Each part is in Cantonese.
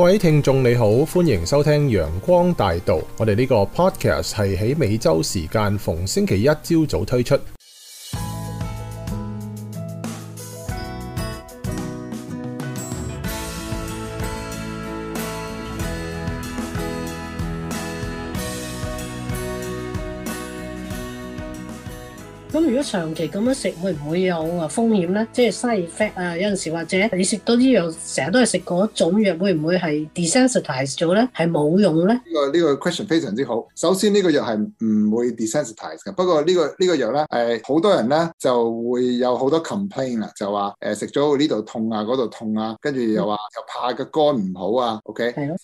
各位聽眾你好，歡迎收聽陽光大道。我哋呢個 podcast 係喺美洲時間逢星期一朝早推出。咁如果長期咁樣食，會唔會有啊風險咧？即係 side effect 啊！有陣時或者你食多啲藥，成日都係食嗰種藥，會唔會係 desensitize 咗咧？係冇用咧？呢個呢個 question 非常之好。首先呢、這個藥係唔會 desensitize 嘅。不過、這個這個、呢個呢個藥咧，呃、好多人咧就會有好多 complain 啦，就話誒食咗呢度痛啊，嗰度痛啊，跟住又話、嗯、又怕個肝唔好啊。OK，係啦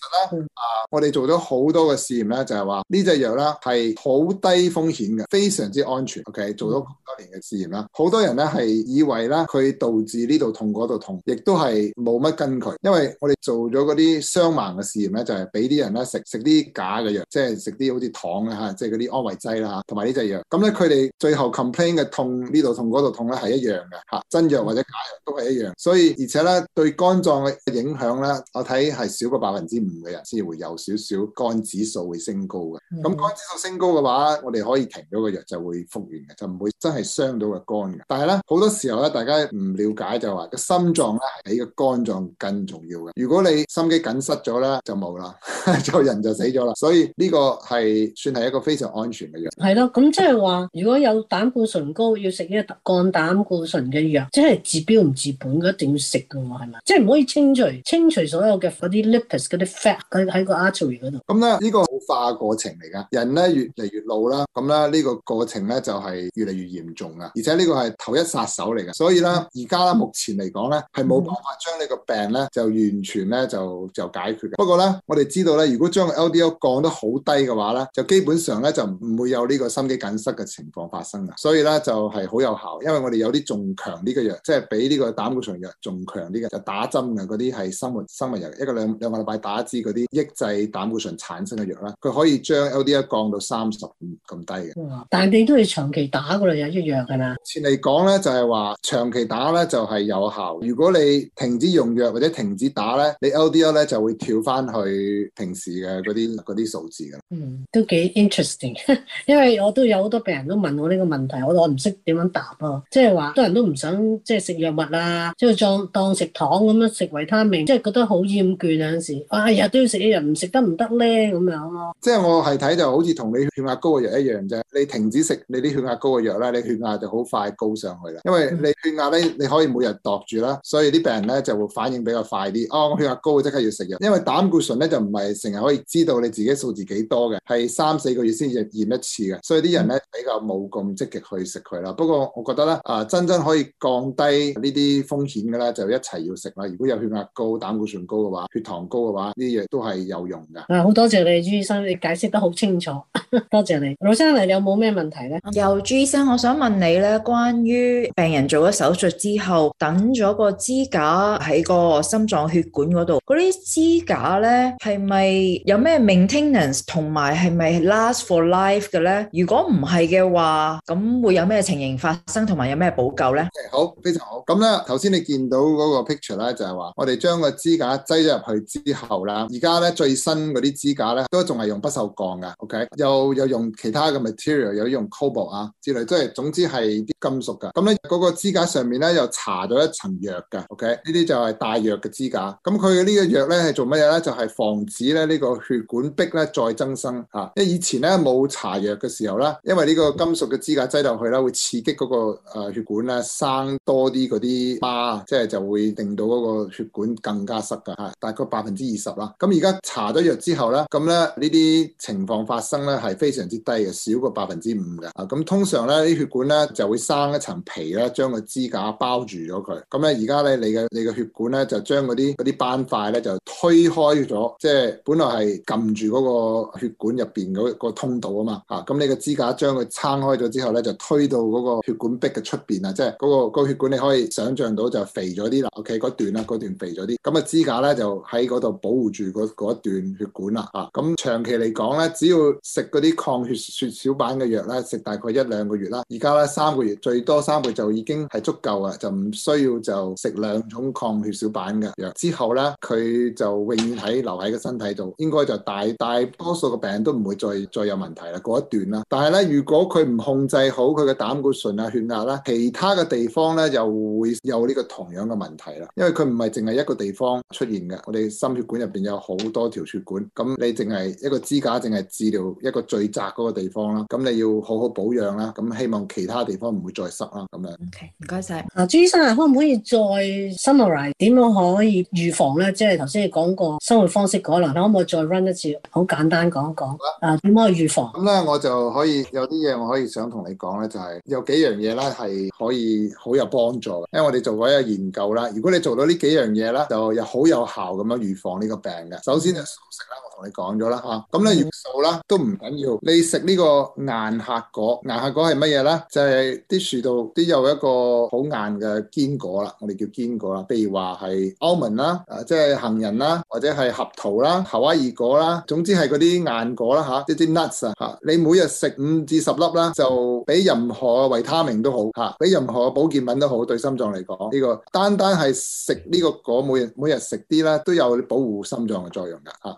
啊，我哋做咗好多嘅試驗咧，就係、是、話、這個、呢隻藥咧係好低風險嘅，非常之安全。OK，做到。多年嘅試驗啦，好多人咧係以為啦，佢導致呢度痛嗰度痛，亦都係冇乜根據，因為我哋做咗嗰啲雙盲嘅試驗咧，就係俾啲人咧食食啲假嘅藥，即係食啲好似糖啊吓，即係嗰啲安慰劑啦吓，同埋呢隻藥，咁咧佢哋最後 complain 嘅痛呢度痛嗰度痛咧係一樣嘅吓，真藥或者假藥都係一樣，所以而且咧對肝臟嘅影響咧，我睇係少過百分之五嘅人先會有少少肝指數會升高嘅，咁肝指數升高嘅話，我哋可以停咗個藥就會復原嘅，就唔會。真係傷到個肝嘅，但係咧好多時候咧，大家唔了解就話個心臟咧係比個肝臟更重要嘅。如果你心肌梗塞咗咧，就冇啦，就人就死咗啦。所以呢個係算係一個非常安全嘅藥。係咯，咁即係話，如果有膽固醇高，要食呢個降膽固醇嘅藥，即係治標唔治本嘅，一定要食嘅喎，係咪？即係唔可以清除清除所有嘅嗰啲 lipids、嗰啲 fat 喺個 artery 嗰度。咁咧呢個好化過程嚟噶，人咧越嚟越老啦，咁咧呢個過程咧就係、是、越嚟。越嚴重啊，而且呢個係頭一殺手嚟嘅，所以咧，而家目前嚟講咧，係冇辦法將呢個病咧就完全咧就就解決。不過咧，我哋知道咧，如果將 L D L 降得好低嘅話咧，就基本上咧就唔會有呢個心肌梗塞嘅情況發生啊。所以咧就係好有效，因為我哋有啲仲強啲嘅藥，即係比呢個膽固醇藥仲強啲嘅，就打針嘅嗰啲係生物生物藥，一個兩兩個禮拜打一支嗰啲抑制膽固醇產生嘅藥啦。佢可以將 L D L 降到三十五咁低嘅，但係你都要長期打。一樣㗎啦。藥藥前嚟講咧，就係話長期打咧就係有效。如果你停止用藥或者停止打咧，你 LDL 咧就會跳翻去平時嘅嗰啲嗰啲數字㗎。嗯，都幾 interesting， 因為我都有好多病人都問我呢個問題，我我唔識點樣答咯，啊。即係話好多人都唔想即係食藥物啊，即係當當食糖咁樣食維他命，即、就、係、是、覺得好厭倦有陣時候，哎呀，都要食，一日唔食得唔得咧咁樣咯。即係我係睇就是好似同你血壓高嘅藥一樣啫，你停止食你啲血壓高嘅藥。你血壓就好快高上去啦，因為你血壓咧你可以每日度住啦，所以啲病人咧就會反應比較快啲。哦，我血壓高，即刻要食藥。因為膽固醇咧就唔係成日可以知道你自己數字幾多嘅，係三四個月先驗一次嘅，所以啲人咧比較冇咁積極去食佢啦。不過我覺得咧，啊，真真可以降低呢啲風險嘅咧，就一齊要食啦。如果有血壓高、膽固醇高嘅話，血糖高嘅話，呢啲都係有用嘅。啊，好多謝你朱醫生，你解釋得好清楚，多謝你。老生嚟你有冇咩問題咧？有朱醫生。我想問你咧，關於病人做咗手術之後，等咗個支架喺個心臟血管嗰度，嗰啲支架咧係咪有咩 maintenance 同埋係咪 last for life 嘅咧？如果唔係嘅話，咁會有咩情形發生，同埋有咩補救咧？Okay, 好，非常好。咁咧，頭先你見到嗰個 picture 咧，就係話我哋將個支架擠咗入去之後啦，而家咧最新嗰啲支架咧都仲係用不鏽鋼噶。OK，又,又用其他嘅 material，有用 cobalt 啊之類。即係總之係啲金屬噶，咁咧嗰個支架上面咧又搽咗一層藥噶，OK？呢啲就係帶藥嘅支架。咁佢嘅呢個藥咧係做乜嘢咧？就係防止咧呢個血管壁咧再增生吓。因為以前咧冇搽藥嘅時候啦，因為呢個金屬嘅支架擠落去啦，會刺激嗰個誒血管咧生多啲嗰啲疤，即係就會令到嗰個血管更加塞噶吓。大概百分之二十啦。咁而家搽咗藥之後咧，咁咧呢啲情況發生咧係非常之低嘅，少過百分之五嘅。啊，咁通常咧。啲血管咧就會生一層皮咧，將個支架包住咗佢。咁咧而家咧，你嘅你嘅血管咧就將嗰啲啲斑塊咧就推開咗，即係本來係撳住嗰個血管入邊嗰個通道啊嘛。嚇，咁你個支架將佢撐開咗之後咧，就推到嗰個血管壁嘅出邊啊，即係嗰個血管你可以想象到就肥咗啲啦。OK，嗰段啦，嗰段肥咗啲，咁啊支架咧就喺嗰度保護住嗰嗰一段血管啦。嚇，咁長期嚟講咧，只要食嗰啲抗血血小板嘅藥咧，食大概一兩個月。而家咧三個月最多三個月就已經係足夠啦，就唔需要就食兩種抗血小板嘅藥。之後咧，佢就永遠喺留喺個身體度，應該就大大，大多數嘅病人都唔會再再有問題啦。過一段啦，但係咧，如果佢唔控制好佢嘅膽固醇啊、血壓啦，其他嘅地方咧又會有呢個同樣嘅問題啦。因為佢唔係淨係一個地方出現嘅，我哋心血管入邊有好多條血管。咁你淨係一個支架，淨係治療一個最窄嗰個地方啦。咁你要好好保養啦。咁希望其他地方唔會再塞啦，咁樣。OK，唔該晒。嗱、啊，朱醫生啊，可唔可以再 summarize 點樣可以預防咧？即係頭先你講過生活方式改良，可唔可以再 run 一次？好簡單講一講。啊，點樣去預防？咁咧，我就可以有啲嘢我可以想同你講咧，就係、是、有幾樣嘢呢係可以好有幫助嘅。因為我哋做過一個研究啦，如果你做到呢幾樣嘢啦，就又好有效咁樣預防呢個病嘅。首先就素食啦。我哋講咗啦嚇，咁咧鹽素啦都唔緊要。你食呢個硬核果，硬核果係乜嘢咧？就係啲樹度都有一個好硬嘅堅果啦，我哋叫堅果啦。譬如話係 almond 啦、啊，即係杏仁啦，或者係合桃啦、夏威夷果啦，總之係嗰啲硬果啦嚇，一啲 nuts 啊嚇，你每日食五至十粒啦，就比任何維他命都好嚇，比任何保健品都好，對心臟嚟講呢個單單係食呢個果，每日每日食啲啦，都有保護心臟嘅作用㗎嚇。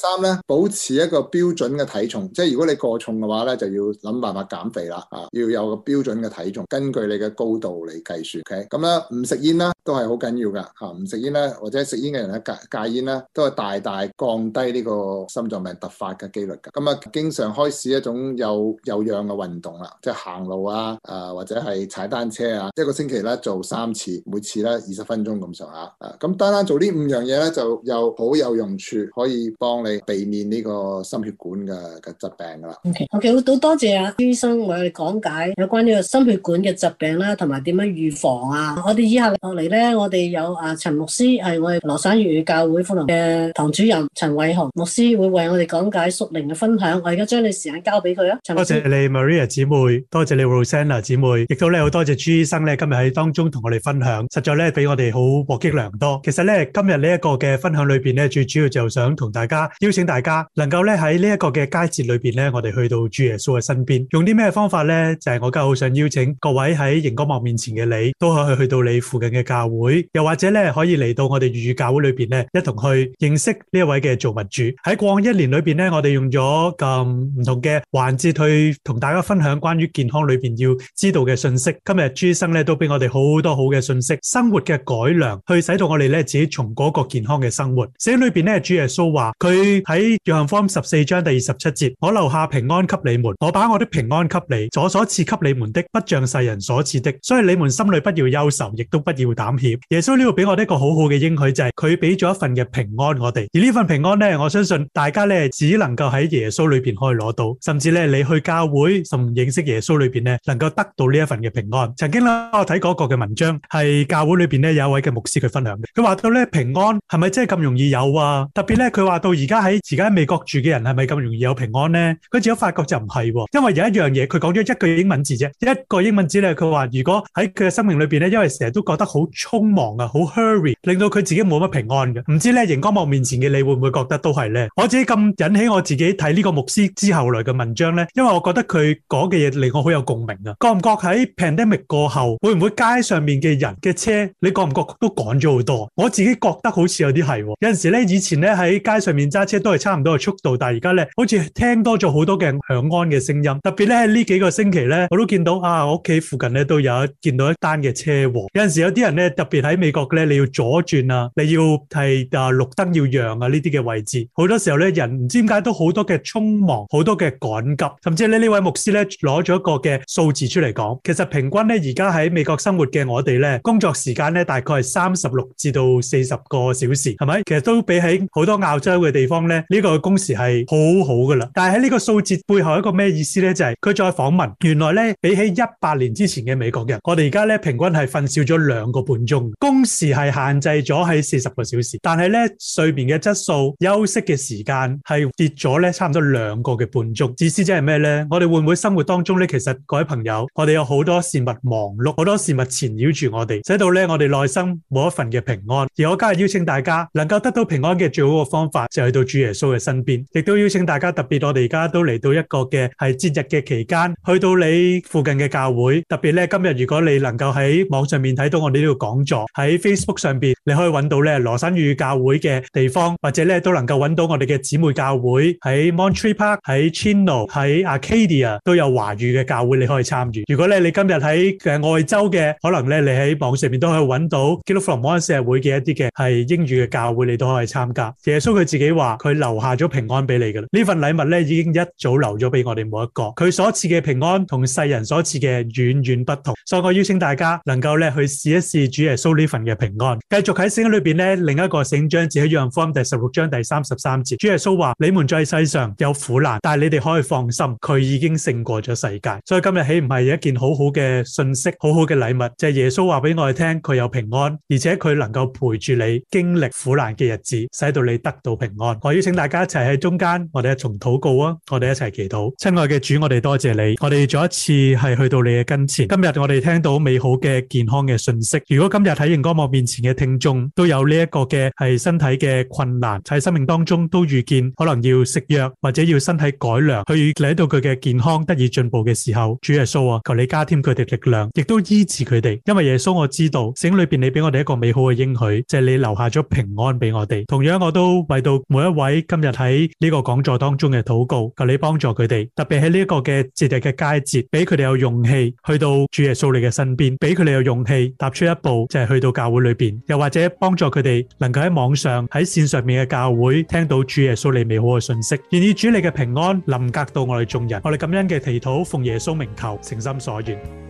三咧保持一個標準嘅體重，即係如果你過重嘅話咧，就要諗辦法減肥啦。啊，要有個標準嘅體重，根據你嘅高度嚟計算。O.K.，咁啦，唔食煙啦，都係好緊要噶。嚇，唔食煙咧，或者食煙嘅人咧戒戒煙啦，都係大大降低呢個心臟病突發嘅幾率噶。咁啊，經常開始一種有有氧嘅運動啦，即係行路啊，或者係踩單車啊，一個星期咧做三次，每次咧二十分鐘咁上下。啊，咁單單做呢五樣嘢咧，就又好有用處，可以幫你。避免呢個心血管嘅嘅疾病噶啦。O K O K，好多謝阿朱醫生為我哋講解有關呢個心血管嘅疾病啦，同埋點樣預防啊！我哋以下落嚟咧，我哋有阿陳牧師係我哋羅山粵語教會嘅堂主任陳偉雄牧師會為我哋講解屬靈嘅分享。我而家將你時間交俾佢啊！多謝你 Maria 姊妹，多謝你 Rosanna 姊妹，亦都咧好多謝朱醫生咧今日喺當中同我哋分享，實在咧俾我哋好獲益良多。其實咧今日呢一個嘅分享裏邊咧，最主要就想同大家。邀請大家能夠咧喺呢一個嘅佳節裏邊咧，我哋去到主耶穌嘅身邊，用啲咩方法咧？就係我今日好想邀請各位喺熒光幕面前嘅你，都可以去到你附近嘅教會，又或者咧可以嚟到我哋粵語教會裏邊咧，一同去認識呢一位嘅造物主。喺過往一年裏邊咧，我哋用咗咁唔同嘅環節去同大家分享關於健康裏邊要知道嘅信息。今日朱醫生咧都俾我哋好多好嘅信息，生活嘅改良去使到我哋咧自己從嗰個健康嘅生活。聖經裏邊咧，主耶穌話佢。喺約翰福音十四章第二十七節，我留下平安給你們，我把我的平安給你，所所賜給你們的，不像世人所賜的，所以你們心裏不要憂愁，亦都不要膽怯。耶穌呢度俾我哋一個好好嘅應許就係，佢俾咗一份嘅平安我哋，而呢份平安咧，我相信大家咧，只能夠喺耶穌裏邊可以攞到，甚至咧你去教會，甚至認識耶穌裏邊咧，能夠得到呢一份嘅平安。曾經咧，我睇過一個嘅文章，係教會裏邊咧有一位嘅牧師佢分享嘅，佢話到咧平安係咪真係咁容易有啊？特別咧，佢話到而家。喺而家喺美國住嘅人係咪咁容易有平安咧？佢自己發覺就唔係，因為有一樣嘢佢講咗一句英文字啫，一個英文字咧，佢話如果喺佢嘅生命裏邊咧，因為成日都覺得好匆忙啊，好 hurry，令到佢自己冇乜平安嘅。唔知咧熒光幕面前嘅你會唔會覺得都係咧？我自己咁引起我自己睇呢個牧師之後嚟嘅文章咧，因為我覺得佢講嘅嘢令我好有共鳴啊。覺唔覺喺 pandemic 過後，會唔會街上面嘅人嘅車，你覺唔覺都減咗好多？我自己覺得好似有啲係。有陣時咧，以前咧喺街上面揸。即係都係差唔多嘅速度，但係而家咧，好似聽多咗好多嘅響安嘅聲音，特別咧喺呢幾個星期咧，我都見到啊，我屋企附近咧都有見到一單嘅車禍。有陣時有啲人咧，特別喺美國咧，你要左轉啊，你要係啊綠燈要讓啊呢啲嘅位置。好多時候咧，人唔知點解都好多嘅匆忙，好多嘅趕急，甚至咧呢位牧師咧攞咗一個嘅數字出嚟講，其實平均咧而家喺美國生活嘅我哋咧，工作時間咧大概係三十六至到四十個小時，係咪？其實都比喺好多澳洲嘅地方。呢個工時係好好噶啦，但係喺呢個數字背後一個咩意思呢？就係佢再訪問，原來呢，比起一百年之前嘅美國人，我哋而家呢平均係瞓少咗兩個半鐘，工時係限制咗喺四十個小時，但係呢睡眠嘅質素、休息嘅時間係跌咗呢差唔多兩個嘅半鐘。意思即係咩呢？我哋會唔會生活當中呢？其實各位朋友，我哋有好多事物忙碌，好多事物纏繞住我哋，使到呢我哋內心冇一份嘅平安。而我今日邀請大家能夠得到平安嘅最好嘅方法就係到。主耶穌嘅身邊，亦都邀請大家特別，我哋而家都嚟到一個嘅係節日嘅期間，去到你附近嘅教會，特別咧今日如果你能夠喺網上面睇到我哋呢個講座，喺 Facebook 上邊你可以揾到咧羅省語教會嘅地方，或者咧都能夠揾到我哋嘅姊妹教會喺 Monterey Park、喺 Chino、喺 Arcadia 都有華語嘅教會，你可以參與。如果咧你今日喺嘅外州嘅，可能咧你喺網上面都可以揾到，來自 Montreal 教會嘅一啲嘅係英語嘅教會，你都可以參加。耶穌佢自己話。佢留下咗平安俾你噶啦，呢份禮物咧已經一早留咗俾我哋每一個。佢所賜嘅平安同世人所賜嘅遠遠不同，所以我邀請大家能夠咧去試一試主耶穌呢份嘅平安。繼續喺聖經裏邊咧，另一個聖經章，即係約翰福音第十六章第三十三節，主耶穌話：你們在世上有苦難，但係你哋可以放心，佢已經勝過咗世界。所以今日豈唔係一件好好嘅信息，好好嘅禮物，就係耶穌話俾我哋聽，佢有平安，而且佢能夠陪住你經歷苦難嘅日子，使到你得到平安。我邀請大家一齊喺中間，我哋一同禱告啊，我哋一齊祈禱。親愛嘅主，我哋多謝你，我哋再一次係去到你嘅跟前。今日我哋聽到美好嘅健康嘅訊息。如果今日睇熒光幕面前嘅聽眾都有呢一個嘅係身體嘅困難，喺生命當中都遇見，可能要食藥或者要身體改良，去嚟到佢嘅健康得以進步嘅時候，主耶穌啊，求你加添佢哋力量，亦都醫治佢哋。因為耶穌，我知道聖經裏邊你俾我哋一個美好嘅應許，即係你留下咗平安俾我哋。同樣，我都為到每一。一位今日喺呢個講座當中嘅禱告，求你幫助佢哋，特別喺呢一個嘅節日嘅佳節，俾佢哋有勇氣去到主耶穌你嘅身邊，俾佢哋有勇氣踏出一步，就係去到教會裏邊，又或者幫助佢哋能夠喺網上喺線上面嘅教會聽到主耶穌你美好嘅信息，願意主你嘅平安臨格到我哋眾人，我哋感恩嘅祈禱奉耶穌名求，誠心所願。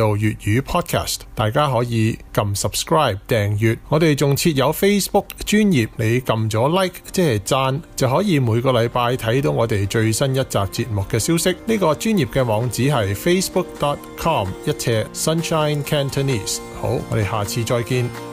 做粵語 podcast，大家可以撳 subscribe 訂閱。我哋仲設有 Facebook 專頁，你撳咗 like 即係讚，就可以每個禮拜睇到我哋最新一集節目嘅消息。呢個專頁嘅網址係 facebook.com 一尺 sunshinecantonese。好，我哋下次再見。